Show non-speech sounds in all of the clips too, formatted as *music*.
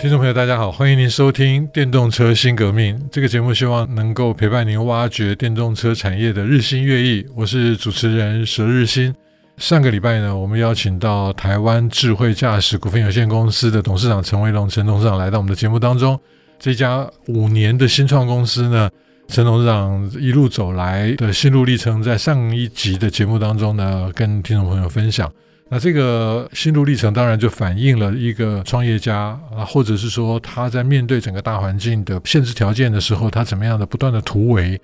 聽眾朋友，大家好，歡迎您收聽《電動車新革命》。這個節目希望能夠陪伴您挖掘電動車產業的日新月異。我是主持人佘日新。上個禮拜呢，我們邀請到台灣智慧駕駛股份有限公司的董事長陳維隆，陳董事長來到我們的節目當中。這家五年的新創公司呢，陳董事長一路走來的心路歷程，在上一集的節目當中呢，跟聽眾朋友分享。那這個心路歷程當然就反映了一個創業家啊，或者是說他在面對整個大環境的限制條件的時候，他怎麼樣的不斷的突圍，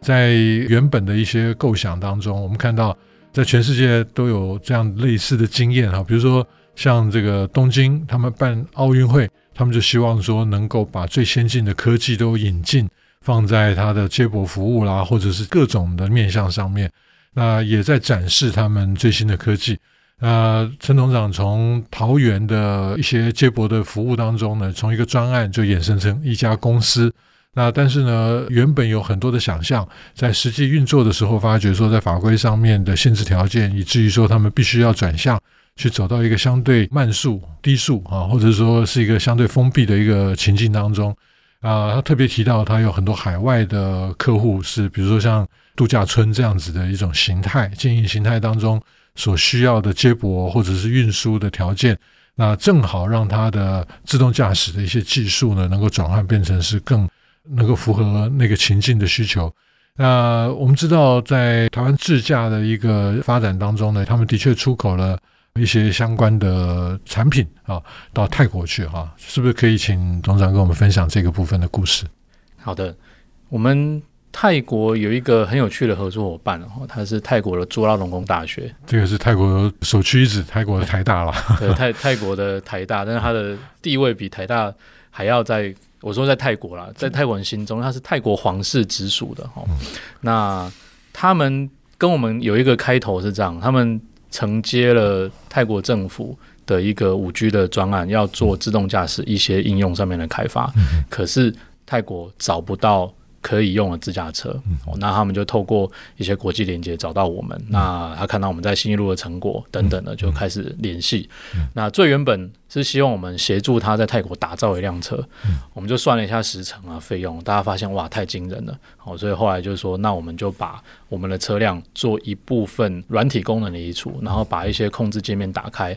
在原本的一些構想當中，我們看到在全世界都有這樣類似的經驗哈、啊，比如說像這個東京，他們辦奧運會，他們就希望說能夠把最先進的科技都引進，放在他的接駁服務啦，或者是各種的面向上面，那也在展示他們最新的科技。呃，陳董事長從桃園的一些接駁的服務當中呢，從一個專案就衍生成一家公司。那但是呢，原本有很多的想象，在實際運作的時候，發覺說在法規上面的限制條件，以至於說他們必須要轉向去走到一個相對慢速、低速啊，或者說是一個相對封閉的一個情境當中。啊、呃，他特別提到，他有很多海外的客戶是，比如說像度假村這樣子的一種形態，經營形態當中。所需要的接駁，或者是運輸的條件，那正好讓它的自動駕駛的一些技術呢，能夠轉換變成是更能夠符合那個情境的需求。那我們知道，在台灣智駕的一個發展當中呢，他們的確出口了一些相關的產品啊，到泰國去哈，是不是可以請董事長跟我們分享這個部分的故事？好的，我們。泰國有一個很有趣的合作夥伴，哦，他是泰國的朱拉隆功大學。這個是泰國首屈一指，泰國的台大了。對，泰泰國的台大，但是它的地位比台大還要在。我說在泰國啦，在泰國人心中，它是泰國皇室直屬的，哈。那他們跟我們有一個開頭是這樣，他們承接了泰國政府的一個 5G 的專案，要做自動駕駛一些應用上面的開發。可是泰國找不到。可以用的自駕車，那他們就透過一些國際連接找到我們。那他看到我們在新一路的成果等等的，就開始聯繫。那最原本是希望我們協助他在泰國打造一輛車，我們就算了一下時程啊費用，大家發現哇太驚人了。好，所以後來就是說那我們就把我們的車輛做一部分軟體功能的移除，然後把一些控制界面打開，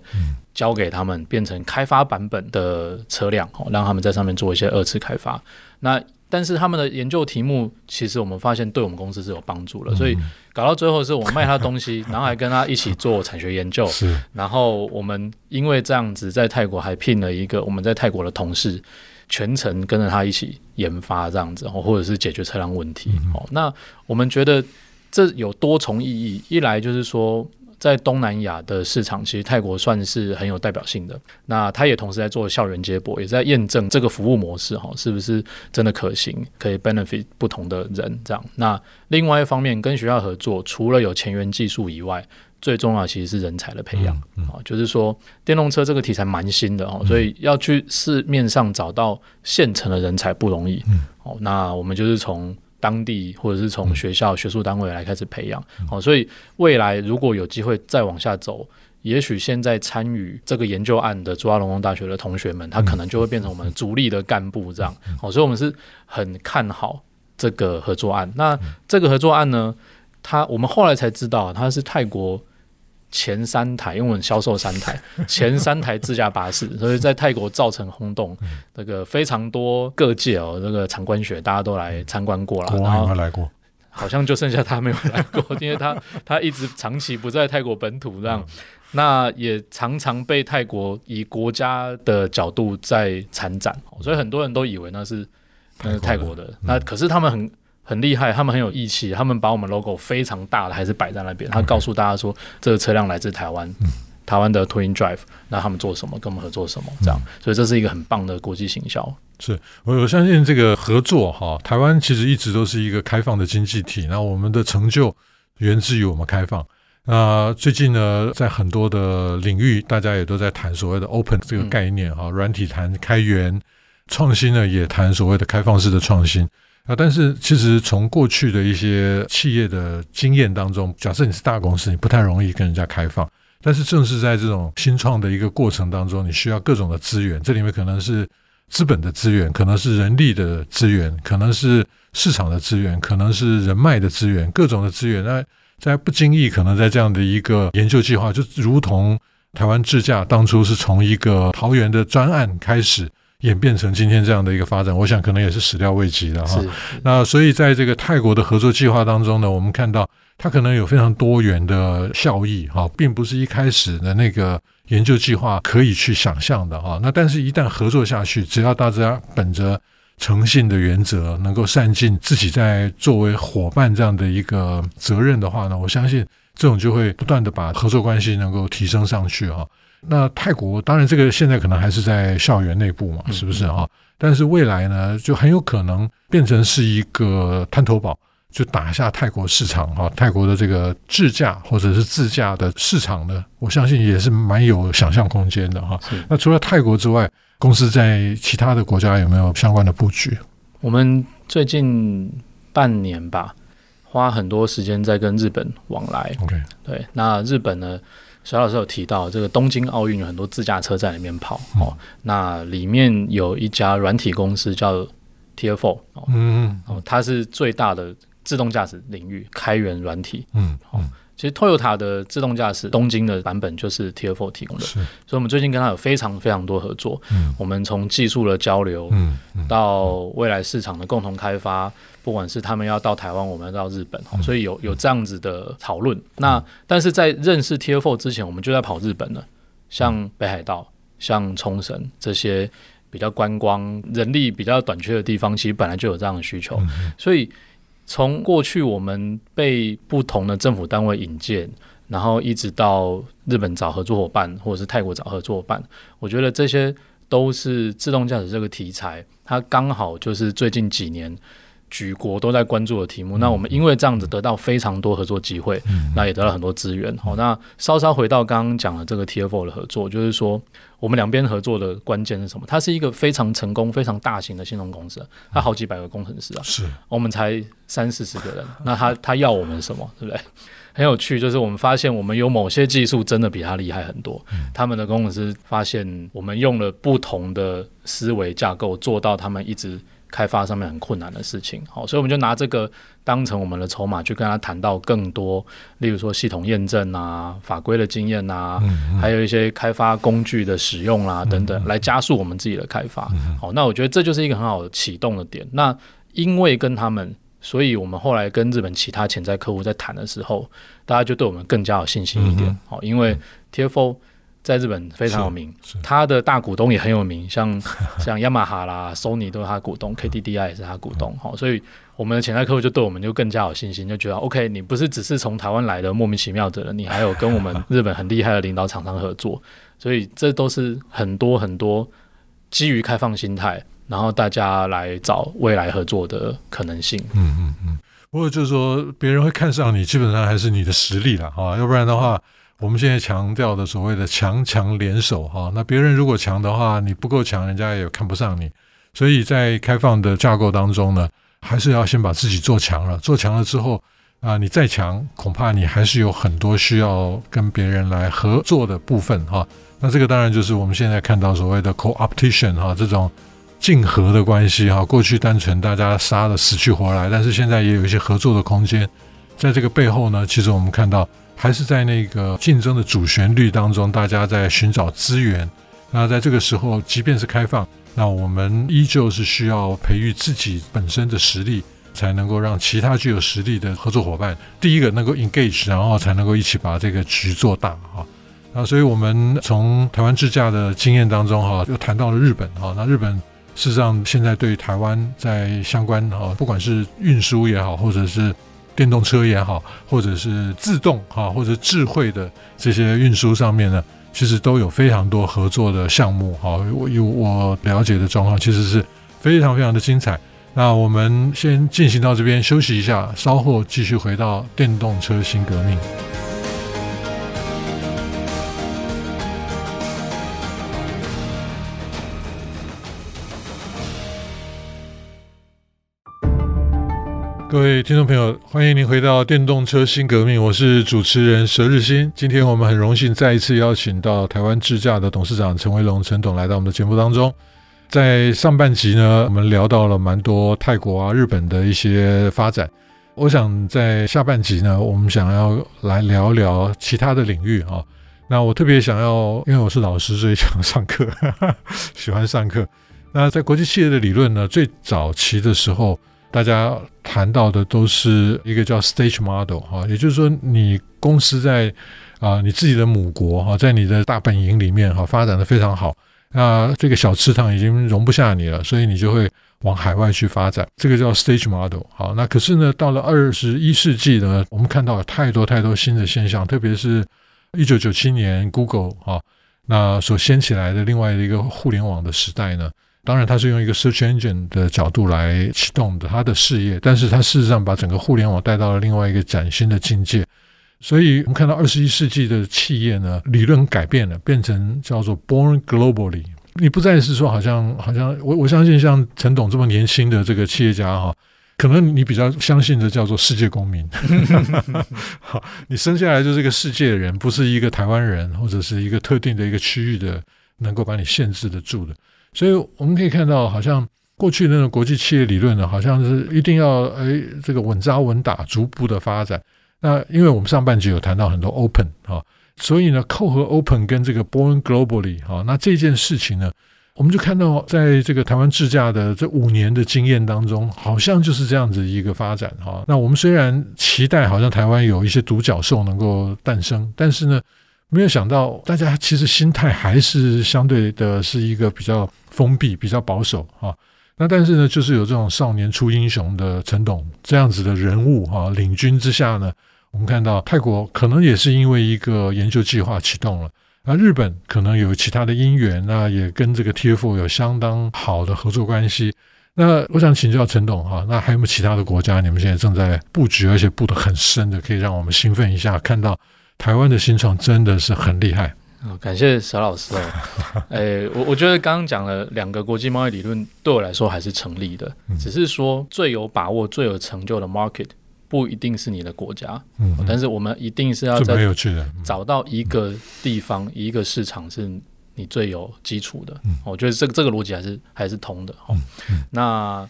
交給他們變成開發版本的車輛，好，讓他們在上面做一些二次開發。那但是他們的研究題目，其實我們發現對我們公司是有幫助的。嗯、所以搞到最後是我們賣他的東西， *laughs* 然後還跟他一起做產學研究。 *laughs* 是然後我們因為這樣子在泰國還聘了一個我們在泰國的同事，全程跟着他一起研發這樣子，或者是解決車輛問題。好、嗯，那我們覺得這有多重意義。一來就是說。在東南亞的市場，其實泰國算是很有代表性的。那它也同時在做校園接駁，也在驗證這個服務模式，哈，是不是真的可行，可以 benefit 不同的人這樣。那另外一方面，跟學校合作，除了有前沿技術以外，最重要其實是人才的培養啊。嗯嗯、就是說，電動車這個題材蠻新的哦，所以要去市面上找到現成的人才不容易。哦、嗯，那我們就是從。當地或者是從學校學術單位來開始培養，好、嗯哦，所以未來如果有機會再往下走，也許現在參與這個研究案的朱拉隆功大學的同學們，他可能就會變成我們主力的幹部，這樣。好、嗯哦，所以我們是很看好這個合作案。那這個合作案呢，他我們後來才知道，他是泰國。前三台，因為我們銷售三台，前三台自駕巴士。 *laughs* 所以在泰國造成轟動。那、嗯、個非常多各界哦，那、這個長官學大家都來參觀過了，沒有、嗯、來過，好像就剩下他沒有來過， *laughs* 因為他他一直長期不在泰國本土，這樣、嗯、那也常常被泰國以國家的角度在參展，所以很多人都以為那是那是泰國的，國嗯、那可是他們很。很厲害，他們很有義氣，他們把我們 logo 非常大的還是擺在那邊，他告訴大家說這個車輛來自台灣，嗯、台灣的 Twin Drive，那他們做什麼，跟我們合作什麼這樣，嗯、所以這是一個很棒的國際行銷。是我我相信這個合作哈，台灣其實一直都是一個開放的經濟體，那我們的成就源自於我們開放。那最近呢，在很多的領域，大家也都在談所謂的 open 這個概念哈，嗯、軟體談開源創新呢，也談所謂的開放式的創新。啊，但是其實從過去的一些企業的經驗當中，假設你是大公司，你不太容易跟人家開放。但是正是在這種新創的一個過程當中，你需要各種的資源，這裡面可能是資本的資源，可能是人力的資源，可能是市場的資源，可能是人脈的資源，各種的資源。那在不經意，可能在這樣的一個研究計劃，就如同台灣智駕當初是從一個桃園的專案開始。演變成今天這樣的一個發展，我想可能也是始料未及的哈。是那所以在這個泰國的合作計劃當中呢，我們看到它可能有非常多元的效益哈，並不是一開始的那個研究計劃可以去想象的哈。那但是，一旦合作下去，只要大家本着誠信的原則，能夠善盡自己在作為夥伴這樣的一個責任的話呢，我相信這種就會不斷的把合作關係能夠提升上去哈。那泰國當然，這個現在可能還是在校園內部嘛，是不是啊、哦？嗯嗯、但是未來呢，就很有可能變成是一個灘頭堡，就打下泰國市場哈、哦。泰國的這個自駕或者是自駕的市場呢，我相信也是蠻有想象空間的哈、哦。是 那除了泰國之外，公司在其他的國家有沒有相關的布局？我們最近半年吧，花很多時間在跟日本往來。OK，對，那日本呢？小老師有提到，這個東京奧運有很多自駕車在裡面跑、嗯、哦，那裡面有一家軟體公司叫 Tier IV，哦、嗯、哦，它是最大的自動駕駛領域開源軟體，嗯嗯哦其實，Toyota 的自動駕駛東京的版本就是 Tier IV 提供的，是所以，我們最近跟他有非常非常多合作。嗯、我們從技術的交流，嗯嗯、到未來市場的共同開發，嗯嗯、不管是他們要到台灣，我們要到日本，嗯嗯、所以有有這樣子的討論。嗯、那但是在認識 Tier IV 之前，我們就在跑日本了，像北海道、像沖繩這些比較觀光、人力比較短缺的地方，其實本來就有這樣的需求，嗯嗯、所以。從過去我們被不同的政府單位引薦，然後一直到日本找合作夥伴，或者是泰國找合作夥伴，我覺得這些都是自動駕駛這個題材，它剛好就是最近幾年。舉國都在關注的題目，嗯、那我們因為這樣子得到非常多合作機會，那、嗯、也得到很多資源。好、嗯哦，那稍稍回到剛剛講的這個 Tier IV 的合作，就是說我們兩邊合作的關鍵是什麼？它是一個非常成功、非常大型的金融公司，它好幾百個工程師、嗯、啊，是我們才三四十個人。 *laughs* 那他他要我們什麼？對不對？很有趣，就是我們發現我們有某些技術真的比他厲害很多。嗯、他們的工程師發現我們用了不同的思維架構，做到他們一直。開發上面很困難的事情，好，所以我們就拿這個當成我們的籌碼去跟他談到更多，例如說系統驗證啊、法規的經驗啊，還有一些開發工具的使用啦、啊、等等，來加速我們自己的開發。好，那我覺得這就是一個很好的啟動的點。那因為跟他們，所以我們後來跟日本其他潛在客戶在談的時候，大家就對我們更加有信心一點。好，因為 Tier IV。在日本非常有名，他的大股東也很有名，像像雅馬哈啦、索尼 *laughs* 都是他股東，KDDI 也是他股東。好、嗯哦，所以我們的潛在客戶就對我們就更加有信心，就覺得 OK，你不是只是從台灣來的莫名其妙的人，你還有跟我們日本很厲害的領導廠商合作， *laughs* 所以這都是很多很多基於開放心態，然後大家來找未來合作的可能性。嗯嗯嗯，不過就是說別人會看上你，基本上還是你的實力了啊，要不然的話。我們現在強調的所謂的強強聯手哈、啊，那別人如果強的話，你不夠強，人家也看不上你。所以在開放的架構當中呢，還是要先把自己做強了。做強了之後啊，你再強，恐怕你還是有很多需要跟別人來合作的部分哈、啊。那這個當然就是我們現在看到所謂的 coopetition 哈、啊、這種競合的關係哈、啊。過去單純大家殺的死去活來，但是現在也有一些合作的空間。在這個背後呢，其實我們看到。還是在那個競爭的主旋律當中，大家在尋找資源。那在這個時候，即便是開放，那我們依舊是需要培育自己本身的實力，才能夠讓其他具有實力的合作夥伴，第一個能夠 engage，然後才能夠一起把這個局做大啊。那所以我們從台灣智駕的經驗當中哈，又談到了日本哈，那日本事實上現在對台灣在相關不管是運輸也好，或者是。電動車也好，或者是自動哈，或者智慧的這些運輸上面呢，其實都有非常多合作的項目哈。我有我了解的狀況，其實是非常非常的精彩。那我們先進行到這邊休息一下，稍後繼續回到電動車新革命。各位聽眾朋友，歡迎您回到電動車新革命，我是主持人佘日新。今天我們很榮幸再一次邀請到台灣智駕的董事長陳維隆陳董來到我們的節目當中。在上半集呢，我們聊到了蠻多泰國啊、日本的一些發展。我想在下半集呢，我們想要來聊聊其他的領域啊、哦。那我特別想要，因為我是老師，所以想上課哈哈，喜歡上課。那在國際企業的理論呢，最早期的時候，大家談到的都是一個叫 stage model 哈，也就是說，你公司在啊、呃、你自己的母國哈，在你的大本營裡面哈，發展得非常好，那這個小池塘已經容不下你了，所以你就會往海外去發展，這個叫 stage model 好。那可是呢，到了二十一世紀呢，我們看到了太多太多新的現象，特別是一九九七年 Google 哈、啊，那所掀起來的另外的一個互聯網的時代呢。當然，他是用一個 search engine 的角度來啟動的他的事業，但是他事實上把整個互聯網帶到了另外一個嶄新的境界。所以，我們看到二十一世紀的企業呢，理論改變了，變成叫做 born globally。你不再是說好像好像我我相信像陳董這麼年輕的這個企業家哈，可能你比較相信的叫做世界公民。 *laughs* 好，你生下來就是一個世界的人，不是一個台灣人或者是一個特定的一個區域的能夠把你限制得住的。所以我們可以看到，好像過去的那種國際企業理論呢，好像是一定要誒、哎、這個穩扎穩打、逐步的發展。那因為我們上半集有談到很多 open 啊，所以呢，扣合 open 跟這個 born globally 哈、啊，那這件事情呢，我們就看到在這個台灣智駕的這五年的經驗當中，好像就是這樣子一個發展哈、啊。那我們雖然期待好像台灣有一些獨角獸能夠誕生，但是呢，沒有想到，大家其實心態還是相對的是一個比較封閉、比較保守哈、啊，那但是呢，就是有這種少年出英雄的陳董這樣子的人物哈、啊，領軍之下呢，我們看到泰國可能也是因為一個研究計劃啟動了。那日本可能有其他的因緣，那也跟這個 Tier IV 有相當好的合作關係。那我想請教陳董哈、啊，那還有沒有其他的國家，你們現在正在布局，而且布得很深的，可以讓我們興奮一下看到。台灣的新創真的是很厲害、哦，感謝沈老師哦。誒、 *laughs* 欸，我我覺得剛剛講了兩個國際貿易理論，對我來說還是成立的。嗯、只是說最有把握、最有成就的 market 不一定是你的國家，嗯哼，但是我們一定是要是找到一個地方、嗯、一個市場，是你最有基礎的。嗯、我覺得這個這個邏輯還是還是通的。嗯嗯、那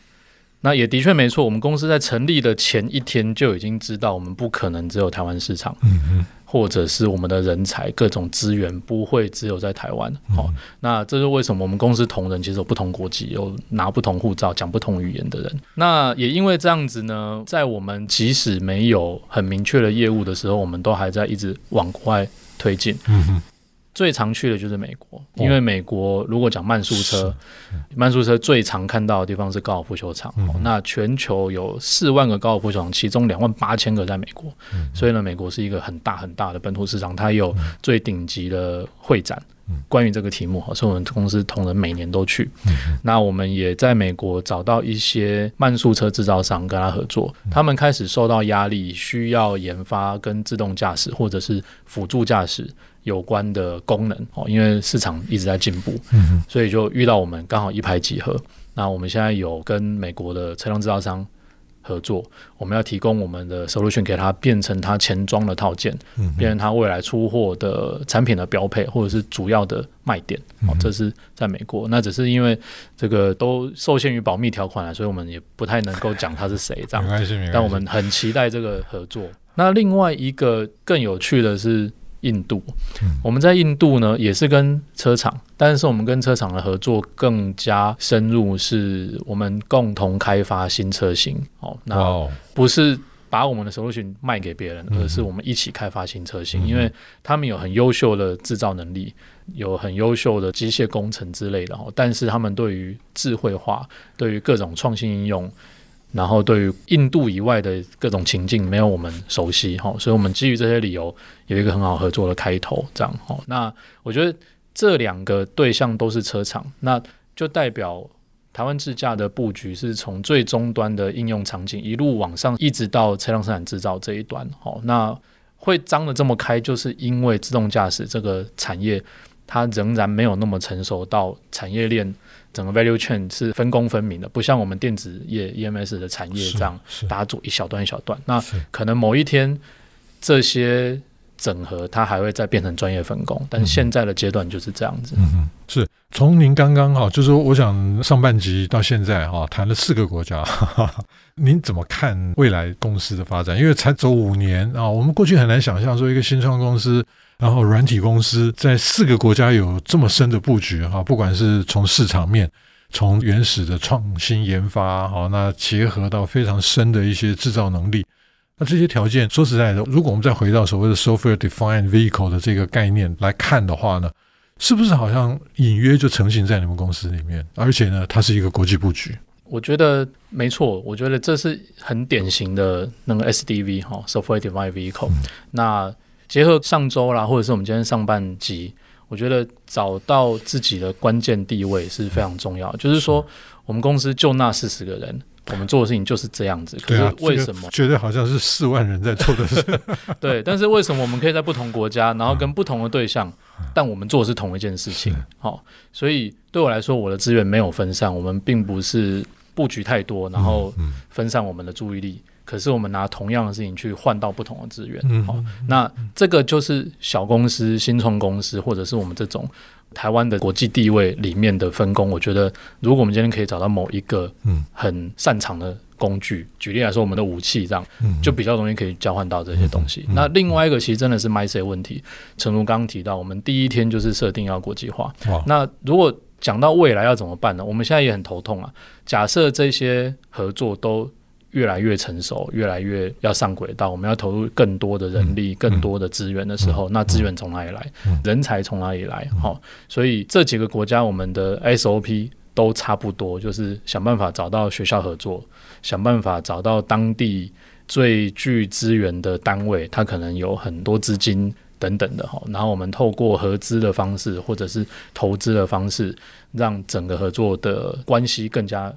那也的確沒錯。我們公司在成立的前一天就已經知道，我們不可能只有台灣市場，嗯嗯。或者是我們的人才、各種資源不會只有在台灣。好，嗯哼哦，那這是為什麼？我們公司同仁其實有不同國籍、有拿不同護照、講不同語言的人。那也因為這樣子呢，在我們即使沒有很明確的業務的時候，我們都還在一直往國外推進。嗯最常去的就是美國，因為美國如果講慢速車，哦嗯、慢速車最常看到的地方是高爾夫球場。嗯、那全球有四萬個高爾夫球場，其中兩萬八千個在美國，嗯、所以呢，美國是一個很大很大的本土市場。它有最頂級的會展，嗯、關於這個題目，所以我們公司同仁每年都去。嗯、那我們也在美國找到一些慢速車制造商跟他合作，嗯、他們開始受到壓力，需要研發跟自動駕駛或者是輔助駕駛。有關的功能哦，因為市場一直在進步，嗯哼，所以就遇到我們剛好一拍即合。那我們現在有跟美國的車輛制造商合作，我們要提供我們的 solution 給他，變成他前裝的套件，嗯、哼變成他未來出貨的產品的標配，或者是主要的賣點。哦、嗯哼，這是在美國，那只是因為這個都受限於保密條款了，所以我們也不太能夠講他是誰這樣。沒關係，沒關係。但我們很期待這個合作。那另外一個更有趣的是。印度，我們在印度呢，也是跟車廠，但是我們跟車廠的合作更加深入，是我們共同開發新車型 Wow. 哦，那不是把我們的 solution 賣給別人，而是我們一起開發新車型，嗯。因為他們有很優秀的製造能力，有很優秀的機械工程之類的，哦，但是他們對於智慧化，對於各種創新應用，然後對於印度以外的各種情境，沒有我們熟悉，所以我們基於這些理由，有一個很好合作的開頭，這樣好。那我覺得這兩個對象都是車廠，那就代表台灣智駕的布局是從最終端的應用場景一路往上，一直到車輛生產制造這一端，好。那會張得這麼開，就是因為自動駕駛這個產業，它仍然沒有那麼成熟到產業鏈。整個 value chain 是分工分明的，不像我們電子業 EMS 的產業這樣打組一小段一小段。那可能某一天這些整合，它還會再變成專業分工。但現在的階段就是這樣子。嗯，是從您剛剛哈，就是說，我想上半集到現在哈，談了四個國家哈哈，您怎麼看未來公司的發展？因為才走五年啊，我們過去很難想象說一個新創公司。然後，軟體公司在四個國家有這麼深的布局哈、啊，不管是從市場面，從原始的創新研發哈、啊，那結合到非常深的一些制造能力，那這些條件說實在的，如果我們再回到所謂的 “Software Defined Vehicle” 的這個概念來看的話呢，是不是好像隱約就成型在你們公司裡面？而且呢，它是一個國際布局。我覺得沒錯，我覺得這是很典型的那個 SDV 哈、哦、，Software Defined Vehicle、嗯。那結合上周啦，或者是我們今天上半集，我覺得找到自己的關鍵地位是非常重要。嗯、就是說，我們公司就那四十個人，嗯、我們做的事情就是這樣子。嗯、可是為什麼對、啊這個、覺得好像是四萬人在做的事？ *laughs* 對，但是為什麼我們可以在不同國家，然後跟不同的對象，嗯、但我們做的是同一件事情？好、嗯嗯哦，所以對我來說，我的資源沒有分散，我們並不是布局太多，然後分散我們的注意力。嗯嗯可是我們拿同樣的事情去換到不同的資源，好，那這個就是小公司、新創公司，或者是我們這種台灣的國際地位裡面的分工。我覺得，如果我們今天可以找到某一個很擅長的工具，嗯、舉例來說，我們的武器這樣，嗯、就比較容易可以交換到這些東西。嗯、那另外一個，其實真的是 mindset 問題。誠如剛剛提到，我們第一天就是設定要國際化。哇那如果講到未來要怎麼辦呢？我們現在也很頭痛啊。假設這些合作都。越來越成熟，越來越要上軌道。我們要投入更多的人力、更多的資源的時候，那資源從哪裡來？人才從哪裡來？好、哦，所以這幾個國家，我們的 SOP 都差不多，就是想辦法找到學校合作，想辦法找到當地最具資源的單位，它可能有很多資金等等的哈。然後我們透過合資的方式，或者是投資的方式，讓整個合作的關係更加。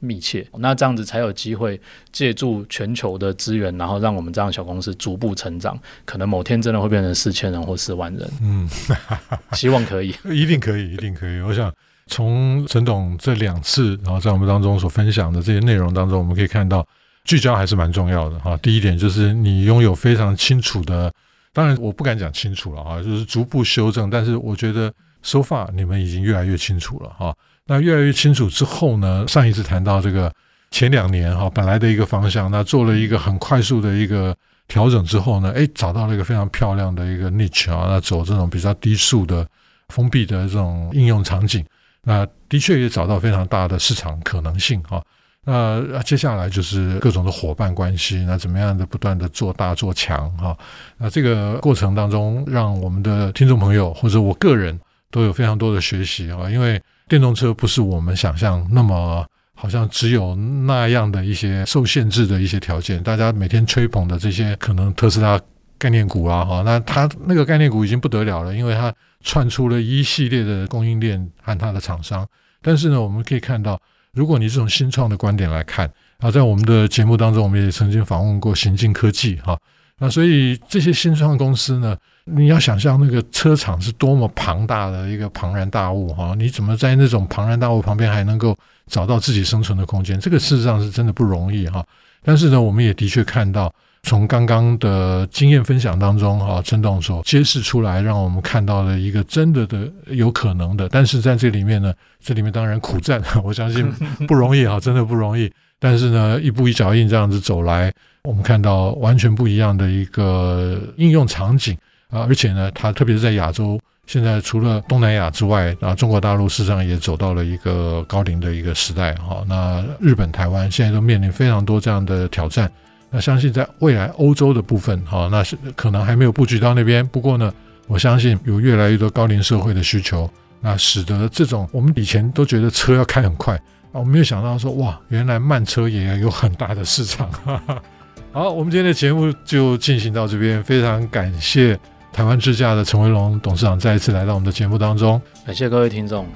密切，那這樣子才有機會借助全球的資源，然後讓我們這樣的小公司逐步成長，可能某天真的會變成四千人或四萬人。嗯， *laughs* 希望可以， *laughs* 一定可以，一定可以。 *laughs* 我想從陳董這兩次，然後在我們當中所分享的這些內容當中，我們可以看到聚焦還是蠻重要的哈。第一點就是你擁有非常清楚的，當然我不敢講清楚了啊，就是逐步修正，但是我覺得 so far 你們已經越來越清楚了哈。那越來越清楚之後呢，上一次談到這個前兩年哈，本來的一個方向，那做了一個很快速的一個調整之後呢，哎，找到了一個非常漂亮的一個 niche 啊，那走這種比較低速的封閉的這種應用場景，那的確也找到非常大的市場可能性啊。那接下來就是各種的夥伴關係，那怎麼樣的不斷的做大做強啊。那這個過程當中，讓我們的聽眾朋友或者我個人都有非常多的學習啊，因為。電動車不是我們想象那麼，好像只有那樣的一些受限制的一些條件。大家每天吹捧的這些可能特斯拉概念股啊，哈，那它那個概念股已經不得了了，因為它串出了一系列的供應鏈和它的廠商。但是呢，我們可以看到，如果你是從新創的觀點來看啊，在我們的節目當中，我們也曾經訪問過行進科技，哈。那所以這些新創公司呢，你要想象那個車廠是多麼龐大的一個龐然大物哈，你怎麼在那種龐然大物旁邊還能夠找到自己生存的空間？這個事實上是真的不容易哈。但是呢，我們也的確看到，從剛剛的經驗分享當中啊，陳董所揭示出來，讓我們看到了一個真的的有可能的。但是在這裡面呢，這裡面當然苦戰，我相信不容易哈，真的不容易。但是呢，一步一腳印這樣子走來，我們看到完全不一樣的一個應用場景啊！而且呢，它特別是在亞洲，現在除了東南亞之外，啊，中國大陸事實上也走到了一個高齡的一個時代哈、哦。那日本、台灣現在都面臨非常多這樣的挑戰。那相信在未來歐洲的部分哈、哦，那是可能還沒有布局到那邊。不過呢，我相信有越來越多高齡社會的需求，那使得這種我們以前都覺得車要開很快。啊、我沒有想到說哇，原來慢車也有很大的市場。呵呵，好，我們今天的節目就進行到這邊，非常感謝台灣智駕的陳維隆董事長再一次來到我們的節目當中，感謝各位聽眾，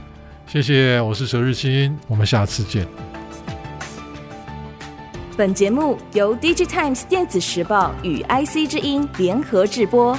謝謝，我是佘日新，我們下次見。本節目由 DigiTimes 電子時報與 IC 之音聯合制播。